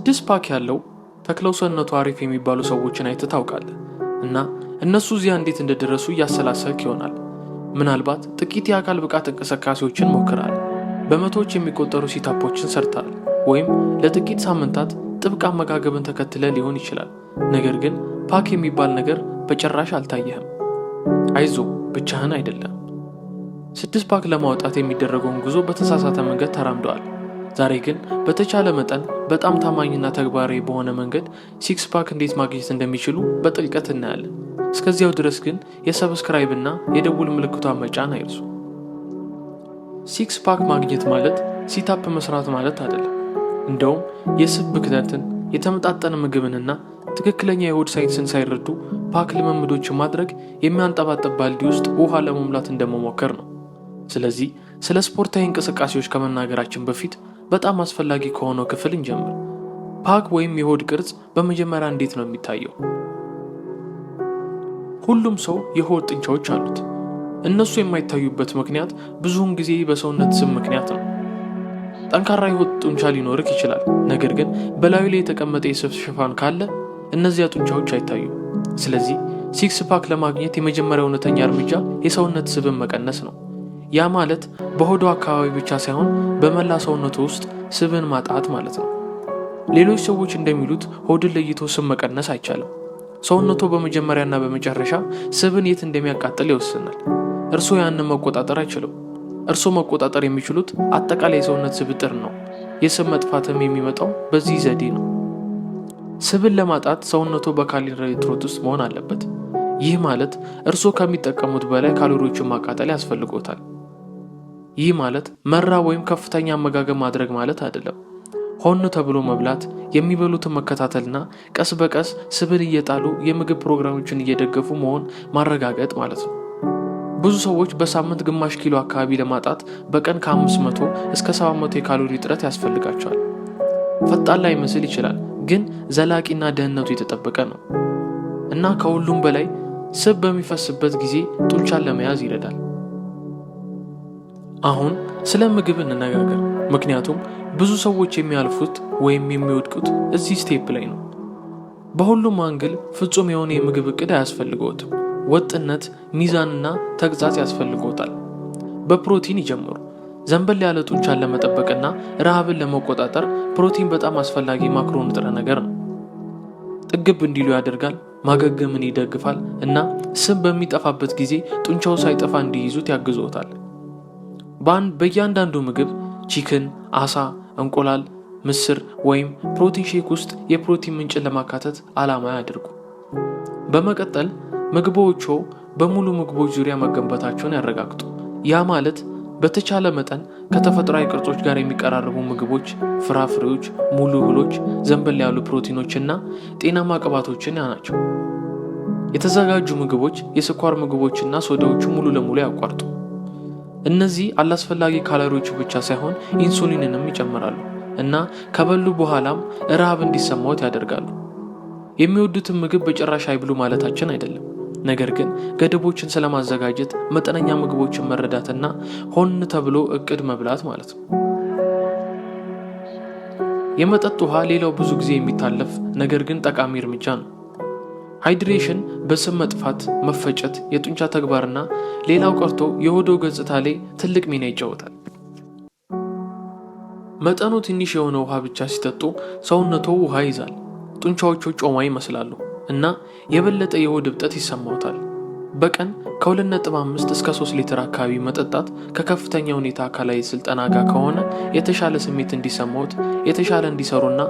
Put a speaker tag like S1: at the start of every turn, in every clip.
S1: ስድስት ፓክ ያለው ተክለው ሰውነቱ አሪፍ የሚባሉ ሰዎችን አይተ ታውቃለህ እና እነሱ እዚያ እንዴት እንደደረሱ እያሰላሰክ ይሆናል። ምናልባት ጥቂት የአካል ብቃት እንቅስቃሴዎችን ሞክራል። በመቶዎች የሚቆጠሩ ሲታፖችን ሰርታል። ወይም ለጥቂት ሳምንታት ጥብቅ አመጋገብን ተከትለ ሊሆን ይችላል። ነገር ግን ፓክ የሚባል ነገር በጭራሽ አልታየህም። አይዞ ብቻህን አይደለም። ስድስት ፓክ ለማውጣት የሚደረገውን ጉዞ በተሳሳተ መንገድ ተራምደዋል። ዛሬ ግን በተቻለ መጠን በጣም ታማኝና ተግባራዊ በሆነ መንገድ ሲክስ ፓክ እንዴት ማግኘት እንደሚችሉ በጥልቀት እናያለን። እስከዚያው ድረስ ግን የሰብስክራይብ እና የደውል ምልክቷ መጫን አይርሱ። ሲክስ ፓክ ማግኘት ማለት ሲታፕ መስራት ማለት አይደለም። እንደውም የስብ ብክነትን፣ የተመጣጠነ ምግብንና ትክክለኛ የሆድ ሳይንስን ሳይረዱ ፓክ ልምምዶችን ማድረግ የሚያንጠባጥብ ባልዲ ውስጥ ውሃ ለመሙላት እንደመሞከር ነው። ስለዚህ ስለ ስፖርታዊ እንቅስቃሴዎች ከመናገራችን በፊት በጣም አስፈላጊ ከሆነው ክፍል እንጀምር። ፓክ ወይም የሆድ ቅርጽ በመጀመሪያ እንዴት ነው የሚታየው? ሁሉም ሰው የሆድ ጥንቻዎች አሉት። እነሱ የማይታዩበት ምክንያት ብዙውን ጊዜ በሰውነት ስም ምክንያት ነው። ጠንካራ የሆድ ጡንቻ ሊኖርክ ይችላል፣ ነገር ግን በላዩ ላይ የተቀመጠ የስብ ሽፋን ካለ እነዚያ ጡንቻዎች አይታዩም። ስለዚህ ሲክስ ፓክ ለማግኘት የመጀመሪያ እውነተኛ እርምጃ የሰውነት ስብን መቀነስ ነው። ያ ማለት በሆዶ አካባቢ ብቻ ሳይሆን በመላ ሰውነቱ ውስጥ ስብን ማጣት ማለት ነው። ሌሎች ሰዎች እንደሚሉት ሆድን ለይቶ ስብ መቀነስ አይቻልም። ሰውነቱ በመጀመሪያና በመጨረሻ ስብን የት እንደሚያቃጥል ይወስናል። እርስዎ ያንን መቆጣጠር አይችሉም። እርስዎ መቆጣጠር የሚችሉት አጠቃላይ የሰውነት ስብጥር ነው። የስብ መጥፋትም የሚመጣው በዚህ ዘዴ ነው። ስብን ለማጣት ሰውነቱ በካሎሪ እጥረት ውስጥ መሆን አለበት። ይህ ማለት እርስዎ ከሚጠቀሙት በላይ ካሎሪዎችን ማቃጠል ያስፈልጎታል። ይህ ማለት መራ ወይም ከፍተኛ አመጋገብ ማድረግ ማለት አይደለም። ሆን ተብሎ መብላት፣ የሚበሉትን መከታተልና ቀስ በቀስ ስብን እየጣሉ የምግብ ፕሮግራሞችን እየደገፉ መሆን ማረጋገጥ ማለት ነው። ብዙ ሰዎች በሳምንት ግማሽ ኪሎ አካባቢ ለማጣት በቀን ከ500 እስከ 700 የካሎሪ እጥረት ያስፈልጋቸዋል። ፈጣን ላይ መስል ይችላል፣ ግን ዘላቂና ደህንነቱ የተጠበቀ ነው እና ከሁሉም በላይ ስብ በሚፈስበት ጊዜ ጡንቻን ለመያዝ ይረዳል። አሁን ስለ ምግብ እንነጋገር፣ ምክንያቱም ብዙ ሰዎች የሚያልፉት ወይም የሚወድቁት እዚህ ስቴፕ ላይ ነው። በሁሉም አንግል ፍጹም የሆነ የምግብ እቅድ አያስፈልገዎትም ወጥነት፣ ሚዛንና ተግዛጽ ያስፈልግዎታል። በፕሮቲን ይጀምሩ። ዘንበል ያለ ጡንቻን ለመጠበቅና ረሃብን ለመቆጣጠር ፕሮቲን በጣም አስፈላጊ ማክሮ ንጥረ ነገር ነው። ጥግብ እንዲሉ ያደርጋል፣ ማገገምን ይደግፋል እና ስብ በሚጠፋበት ጊዜ ጡንቻው ሳይጠፋ እንዲይዙት ያግዞታል። በእያንዳንዱ ምግብ ቺክን፣ አሳ፣ እንቁላል፣ ምስር ወይም ፕሮቲን ሼክ ውስጥ የፕሮቲን ምንጭን ለማካተት ዓላማ ያድርጉ። በመቀጠል ምግቦቹ በሙሉ ምግቦች ዙሪያ መገንባታቸውን ያረጋግጡ። ያ ማለት በተቻለ መጠን ከተፈጥሯዊ ቅርጾች ጋር የሚቀራረቡ ምግቦች፣ ፍራፍሬዎች፣ ሙሉ እህሎች፣ ዘንበል ያሉ እና ጤናማ ቅባቶችን ያናቸው። የተዘጋጁ ምግቦች የስኳር ምግቦችና ሶዳዎቹ ሙሉ ለሙሉ ያቋርጡ። እነዚህ አላስፈላጊ ካሎሪዎቹ ብቻ ሳይሆን ኢንሱሊንንም ይጨምራሉ እና ከበሉ በኋላም ረሃብ እንዲሰማዎት ያደርጋሉ። የሚወዱትን ምግብ በጭራሽ አይብሉ ማለታችን አይደለም። ነገር ግን ገደቦችን ስለማዘጋጀት መጠነኛ ምግቦችን መረዳትና ሆን ተብሎ እቅድ መብላት ማለት ነው። የመጠጥ ውሃ ሌላው ብዙ ጊዜ የሚታለፍ ነገር ግን ጠቃሚ እርምጃ ነው። ሃይድሬሽን በስብ መጥፋት፣ መፈጨት፣ የጡንቻ ተግባርና ሌላው ቀርቶ የሆዶ ገጽታ ላይ ትልቅ ሚና ይጫወታል። መጠኑ ትንሽ የሆነ ውሃ ብቻ ሲጠጡ ሰውነቶ ውሃ ይዛል፣ ጡንቻዎቹ ጮማ ይመስላሉ እና የበለጠ የሆድ እብጠት ይሰማውታል። በቀን ከ2.5 እስከ 3 ሊትር አካባቢ መጠጣት ከከፍተኛ ሁኔታ አካላዊ ስልጠና ጋር ከሆነ የተሻለ ስሜት እንዲሰማውት፣ የተሻለ እንዲሰሩና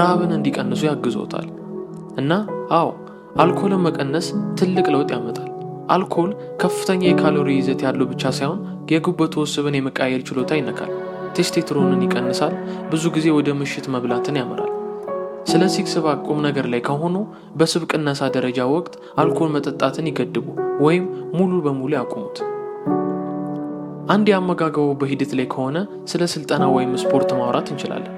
S1: ረሃብን እንዲቀንሱ ያግዞታል እና አዎ አልኮልን መቀነስ ትልቅ ለውጥ ያመጣል። አልኮል ከፍተኛ የካሎሪ ይዘት ያለው ብቻ ሳይሆን የጉበት ስብን የመቃየር ችሎታ ይነካል፣ ቴስቴትሮንን ይቀንሳል፣ ብዙ ጊዜ ወደ ምሽት መብላትን ያመራል። ስለ ሲክስባ ቁም ነገር ላይ ከሆኑ በስብ ቅነሳ ደረጃ ወቅት አልኮል መጠጣትን ይገድቡ ወይም ሙሉ በሙሉ ያቁሙት። አንድ የአመጋገቡ በሂደት ላይ ከሆነ ስለ ስልጠና ወይም ስፖርት ማውራት እንችላለን።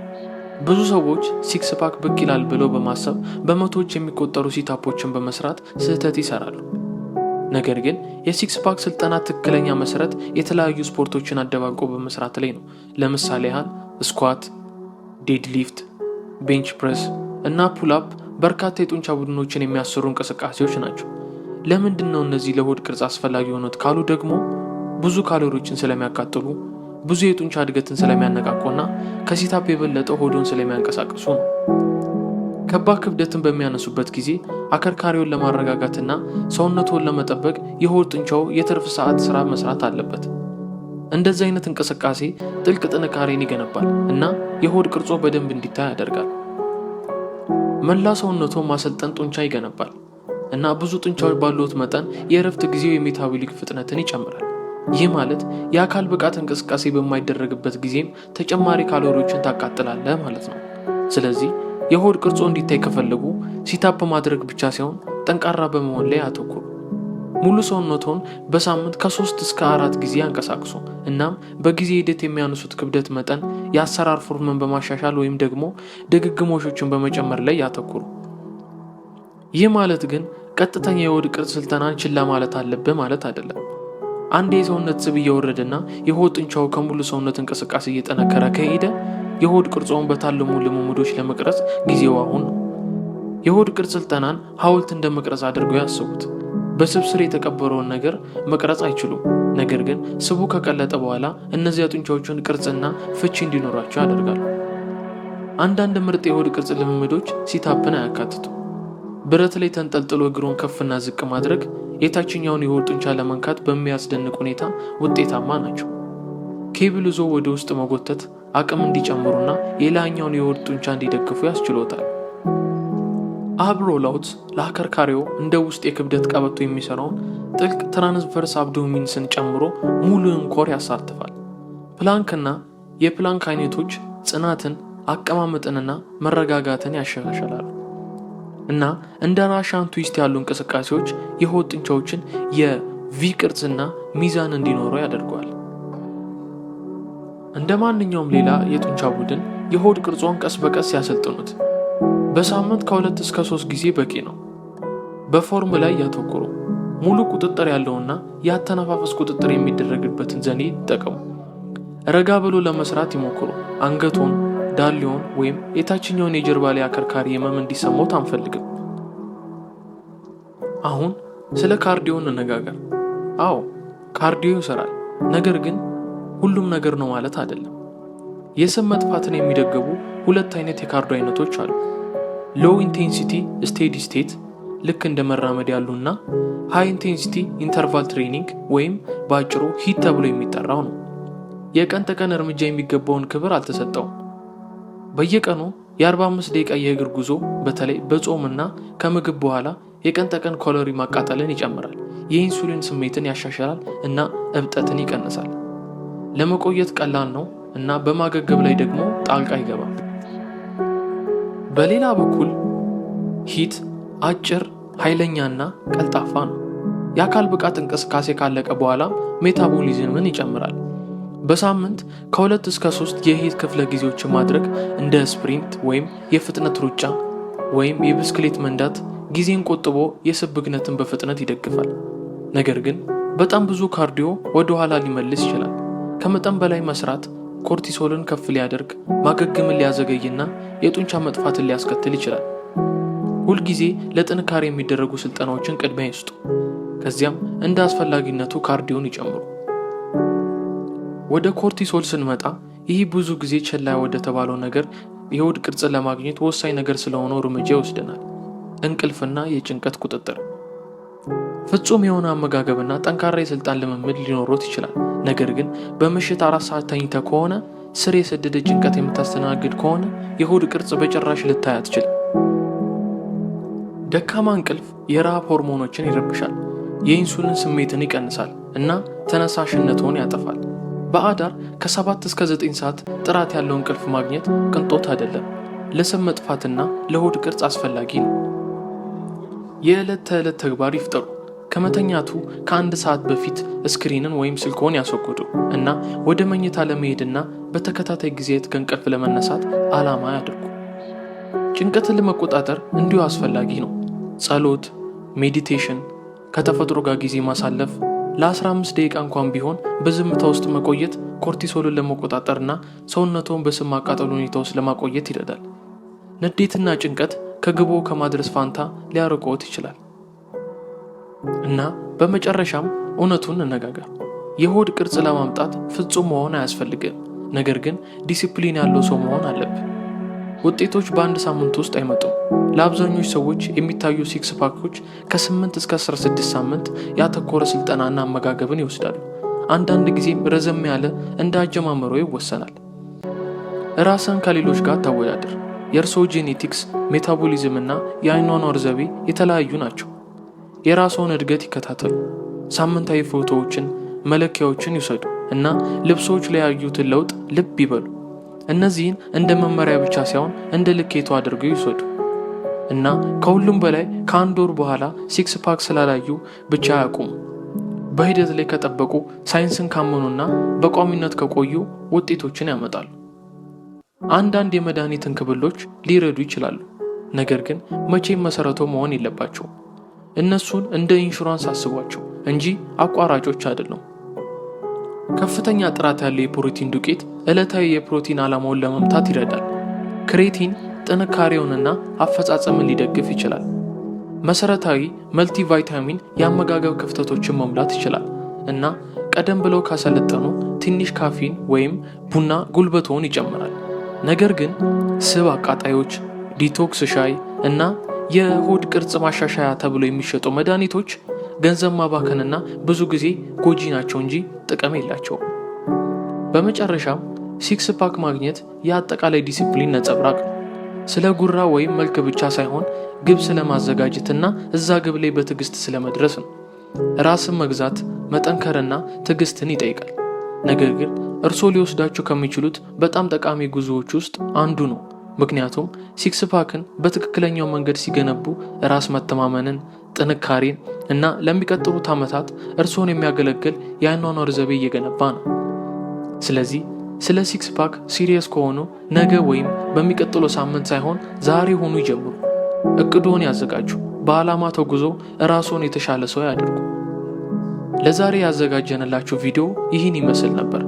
S1: ብዙ ሰዎች ሲክስ ፓክ ብቅ ይላል ብለው በማሰብ በመቶዎች የሚቆጠሩ ሲታፖችን በመስራት ስህተት ይሰራሉ። ነገር ግን የሲክስ ፓክ ስልጠና ትክክለኛ መሰረት የተለያዩ ስፖርቶችን አደባልቆ በመስራት ላይ ነው። ለምሳሌ ያህል ስኳት፣ ዴድሊፍት፣ ቤንች ፕሬስ እና ፑልአፕ በርካታ የጡንቻ ቡድኖችን የሚያሰሩ እንቅስቃሴዎች ናቸው። ለምንድን ነው እነዚህ ለሆድ ቅርጽ አስፈላጊ የሆኑት ካሉ ደግሞ ብዙ ካሎሪዎችን ስለሚያቃጥሉ ብዙ የጡንቻ እድገትን ስለሚያነቃቁና ከሲታፕ የበለጠ ሆዶን ስለሚያንቀሳቅሱ ነው። ከባድ ክብደትን በሚያነሱበት ጊዜ አከርካሪውን ለማረጋጋትና ሰውነቱን ለመጠበቅ የሆድ ጡንቻው የትርፍ ሰዓት ስራ መስራት አለበት። እንደዚህ አይነት እንቅስቃሴ ጥልቅ ጥንካሬን ይገነባል እና የሆድ ቅርጾ በደንብ እንዲታይ ያደርጋል። መላ ሰውነቱ ማሰልጠን ጡንቻ ይገነባል እና ብዙ ጡንቻዎች ባሉት መጠን የእረፍት ጊዜው የሜታቦሊክ ፍጥነትን ይጨምራል። ይህ ማለት የአካል ብቃት እንቅስቃሴ በማይደረግበት ጊዜም ተጨማሪ ካሎሪዎችን ታቃጥላለህ ማለት ነው። ስለዚህ የሆድ ቅርጾ እንዲታይ ከፈለጉ ሲታፕ ማድረግ ብቻ ሳይሆን ጠንካራ በመሆን ላይ አተኩሩ። ሙሉ ሰውነቶን በሳምንት ከሶስት እስከ አራት ጊዜ አንቀሳቅሱ። እናም በጊዜ ሂደት የሚያነሱት ክብደት መጠን፣ የአሰራር ፎርምን በማሻሻል ወይም ደግሞ ድግግሞሾችን በመጨመር ላይ ያተኩሩ። ይህ ማለት ግን ቀጥተኛ የሆድ ቅርጽ ስልጠናን ችላ ማለት አለብህ ማለት አይደለም። አንድ የሰውነት ስብ እየወረደና የሆድ ጡንቻው ከሙሉ ሰውነት እንቅስቃሴ እየጠነከረ ከሄደ የሆድ ቅርጾውን በታለሙ ልምምዶች ለመቅረጽ ጊዜው አሁን ነው። የሆድ ቅርጽ ስልጠናን ሐውልት እንደ መቅረጽ አድርገው ያስቡት። በስብ ስር የተቀበረውን ነገር መቅረጽ አይችሉም። ነገር ግን ስቡ ከቀለጠ በኋላ እነዚያ ጡንቻዎቹን ቅርጽና ፍቺ እንዲኖራቸው ያደርጋሉ። አንዳንድ ምርጥ የሆድ ቅርጽ ልምምዶች ሲታፕን አያካትቱ። ብረት ላይ ተንጠልጥሎ እግሩን ከፍና ዝቅ ማድረግ፣ የታችኛውን የሆድ ጡንቻ ለመንካት በሚያስደንቅ ሁኔታ ውጤታማ ናቸው። ኬብል ዞ ወደ ውስጥ መጎተት አቅም እንዲጨምሩና የላይኛውን የሆድ ጡንቻ እንዲደግፉ ያስችሎታል። አብ ሮላውት ለአከርካሪው እንደ ውስጥ የክብደት ቀበቶ የሚሰራውን ጥልቅ ትራንስቨርስ አብዶሚንስን ጨምሮ ሙሉን ኮር ያሳትፋል። ፕላንክና የፕላንክ አይነቶች ጽናትን፣ አቀማመጥንና መረጋጋትን ያሻሻላሉ። እና እንደ ራሻን ትዊስት ያሉ እንቅስቃሴዎች የሆድ ጡንቻዎችን የቪ ቅርጽና ሚዛን እንዲኖሩ ያደርገዋል። እንደ ማንኛውም ሌላ የጡንቻ ቡድን የሆድ ቅርጾን ቀስ በቀስ ያሰልጥኑት። በሳምንት ከሁለት እስከ ሶስት ጊዜ በቂ ነው። በፎርም ላይ ያተኩሩ። ሙሉ ቁጥጥር ያለውና የአተነፋፈስ ቁጥጥር የሚደረግበትን ዘኔ ይጠቀሙ። ረጋ ብሎ ለመስራት ይሞክሩ። አንገቶን ዳሊዮን ወይም የታችኛውን የጀርባ ላይ አከርካሪ ህመም እንዲሰማውት አንፈልግም። አሁን ስለ ካርዲዮ እንነጋገር። አዎ ካርዲዮ ይሰራል፣ ነገር ግን ሁሉም ነገር ነው ማለት አይደለም። የስብ መጥፋትን የሚደግቡ ሁለት አይነት የካርዲዮ አይነቶች አሉ። ሎው ኢንቴንሲቲ ስቴዲ ስቴት ልክ እንደ መራመድ ያሉና ሃይ ኢንቴንሲቲ ኢንተርቫል ትሬኒንግ ወይም በአጭሩ ሂት ተብሎ የሚጠራው ነው። የቀን ተቀን እርምጃ የሚገባውን ክብር አልተሰጠውም። በየቀኑ የ45 ደቂቃ የእግር ጉዞ በተለይ በጾምና ከምግብ በኋላ የቀን ተቀን ካሎሪ ማቃጠልን ይጨምራል፣ የኢንሱሊን ስሜትን ያሻሽላል እና እብጠትን ይቀንሳል። ለመቆየት ቀላል ነው እና በማገገብ ላይ ደግሞ ጣልቃ ይገባል። በሌላ በኩል ሂት አጭር፣ ኃይለኛና ቀልጣፋ ነው። የአካል ብቃት እንቅስቃሴ ካለቀ በኋላ ሜታቦሊዝምን ይጨምራል በሳምንት ከሁለት እስከ ሶስት የሂት ክፍለ ጊዜዎችን ማድረግ እንደ ስፕሪንት ወይም የፍጥነት ሩጫ ወይም የብስክሌት መንዳት ጊዜን ቆጥቦ የስብ በፍጥነት ይደግፋል። ነገር ግን በጣም ብዙ ካርዲዮ ወደ ኋላ ሊመልስ ይችላል። ከመጠን በላይ መስራት ኮርቲሶልን ከፍ ሊያደርግ፣ ማገግምን ሊያዘገይና የጡንቻ መጥፋትን ሊያስከትል ይችላል። ሁልጊዜ ለጥንካሬ የሚደረጉ ስልጠናዎችን ቅድሚያ ይስጡ። ከዚያም እንደ አስፈላጊነቱ ካርዲዮን ይጨምሩ። ወደ ኮርቲሶል ስንመጣ ይህ ብዙ ጊዜ ችላ ወደ ተባለው ነገር የሆድ ቅርጽን ለማግኘት ወሳኝ ነገር ስለሆነ እርምጃ ይወስደናል። እንቅልፍና የጭንቀት ቁጥጥር። ፍጹም የሆነ አመጋገብና ጠንካራ የስልጣን ልምምድ ሊኖሮት ይችላል። ነገር ግን በምሽት አራት ሰዓት ተኝተ ከሆነ ስር የሰደደ ጭንቀት የምታስተናግድ ከሆነ የሆድ ቅርጽ በጭራሽ ልታይ አትችልም። ደካማ እንቅልፍ የረሃብ ሆርሞኖችን ይረብሻል፣ የኢንሱሊን ስሜትን ይቀንሳል እና ተነሳሽነትን ያጠፋል። በአዳር ከ7 እስከ 9 ሰዓት ጥራት ያለው እንቅልፍ ማግኘት ቅንጦት አይደለም፣ ለስብ መጥፋትና ለሆድ ቅርጽ አስፈላጊ ነው። የዕለት ተዕለት ተግባር ይፍጠሩ። ከመተኛቱ ከአንድ ሰዓት በፊት ስክሪንን ወይም ስልክዎን ያስወግዱ እና ወደ መኝታ ለመሄድና በተከታታይ ጊዜያት ከእንቅልፍ ለመነሳት ዓላማ ያድርጉ። ጭንቀትን ለመቆጣጠር እንዲሁ አስፈላጊ ነው። ጸሎት፣ ሜዲቴሽን፣ ከተፈጥሮ ጋር ጊዜ ማሳለፍ ለ15 ደቂቃ እንኳን ቢሆን በዝምታ ውስጥ መቆየት ኮርቲሶልን ለመቆጣጠርና ሰውነቶን በስብ ማቃጠል ሁኔታ ውስጥ ለማቆየት ይረዳል። ንዴትና ጭንቀት ከግቦ ከማድረስ ፋንታ ሊያርቆት ይችላል። እና በመጨረሻም እውነቱን እነጋገር። የሆድ ቅርጽ ለማምጣት ፍጹም መሆን አያስፈልግም፣ ነገር ግን ዲሲፕሊን ያለው ሰው መሆን አለብን። ውጤቶች በአንድ ሳምንት ውስጥ አይመጡም። ለአብዛኞቹ ሰዎች የሚታዩ ሲክስ ፓኮች ከ8 እስከ 16 ሳምንት ያተኮረ ስልጠናና አመጋገብን ይወስዳሉ። አንዳንድ ጊዜም ረዘም ያለ እንደ አጀማመሮ ይወሰናል። ራስን ከሌሎች ጋር ታወዳድር። የእርስዎ ጄኔቲክስ፣ ሜታቦሊዝም እና የአኗኗር ዘቤ የተለያዩ ናቸው። የራስዎን እድገት ይከታተሉ። ሳምንታዊ ፎቶዎችን፣ መለኪያዎችን ይውሰዱ እና ልብሶች ላይ ያዩትን ለውጥ ልብ ይበሉ። እነዚህን እንደ መመሪያ ብቻ ሳይሆን እንደ ልኬቱ አድርገው ይውሰዱ። እና ከሁሉም በላይ ከአንድ ወር በኋላ ሲክስ ፓክ ስላላዩ ብቻ ያቁም። በሂደት ላይ ከጠበቁ፣ ሳይንስን ካመኑና በቋሚነት ከቆዩ ውጤቶችን ያመጣሉ። አንዳንድ የመድኃኒት እንክብሎች ሊረዱ ይችላሉ፣ ነገር ግን መቼም መሰረቶ መሆን የለባቸው። እነሱን እንደ ኢንሹራንስ አስቧቸው እንጂ አቋራጮች አይደሉም። ከፍተኛ ጥራት ያለው የፕሮቲን ዱቄት ዕለታዊ የፕሮቲን ዓላማውን ለመምታት ይረዳል። ክሬቲን ጥንካሬውንና አፈጻጸምን ሊደግፍ ይችላል። መሰረታዊ መልቲቫይታሚን የአመጋገብ ክፍተቶችን መሙላት ይችላል እና ቀደም ብለው ካሰለጠኑ ትንሽ ካፊን ወይም ቡና ጉልበቶውን ይጨምራል። ነገር ግን ስብ አቃጣዮች፣ ዲቶክስ ሻይ እና የሆድ ቅርጽ ማሻሻያ ተብሎ የሚሸጡ መድኃኒቶች ገንዘብ ማባከንና ብዙ ጊዜ ጎጂ ናቸው እንጂ ጥቅም የላቸውም። በመጨረሻም ሲክስ ፓክ ማግኘት የአጠቃላይ ዲሲፕሊን ነጸብራቅ ስለ ጉራ ወይም መልክ ብቻ ሳይሆን ግብ ስለማዘጋጀትና እዛ ግብ ላይ በትዕግስት ስለመድረስ ነው። ራስን መግዛት መጠንከርና ትዕግስትን ይጠይቃል። ነገር ግን እርስዎ ሊወስዳቸው ከሚችሉት በጣም ጠቃሚ ጉዞዎች ውስጥ አንዱ ነው። ምክንያቱም ሲክስ ፓክን በትክክለኛው መንገድ ሲገነቡ ራስ መተማመንን፣ ጥንካሬን እና ለሚቀጥሉት ዓመታት እርስዎን የሚያገለግል የአኗኗር ዘቤ እየገነባ ነው። ስለዚህ ስለ ሲክስ ፓክ ሲሪየስ ከሆኑ ነገ ወይም በሚቀጥለው ሳምንት ሳይሆን ዛሬ ሆኑ ይጀምሩ። እቅዶን ያዘጋጁ። በዓላማ ተጉዞ ራስዎን የተሻለ ሰው ያደርጉ። ለዛሬ ያዘጋጀንላችሁ ቪዲዮ ይህን ይመስል ነበር።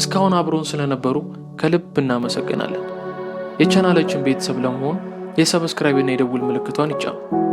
S1: እስካሁን አብሮን ስለነበሩ ከልብ እናመሰግናለን። የቻናላችን ቤተሰብ ለመሆን የሰብስክራይብና የደውል ምልክቷን ይጫኑ።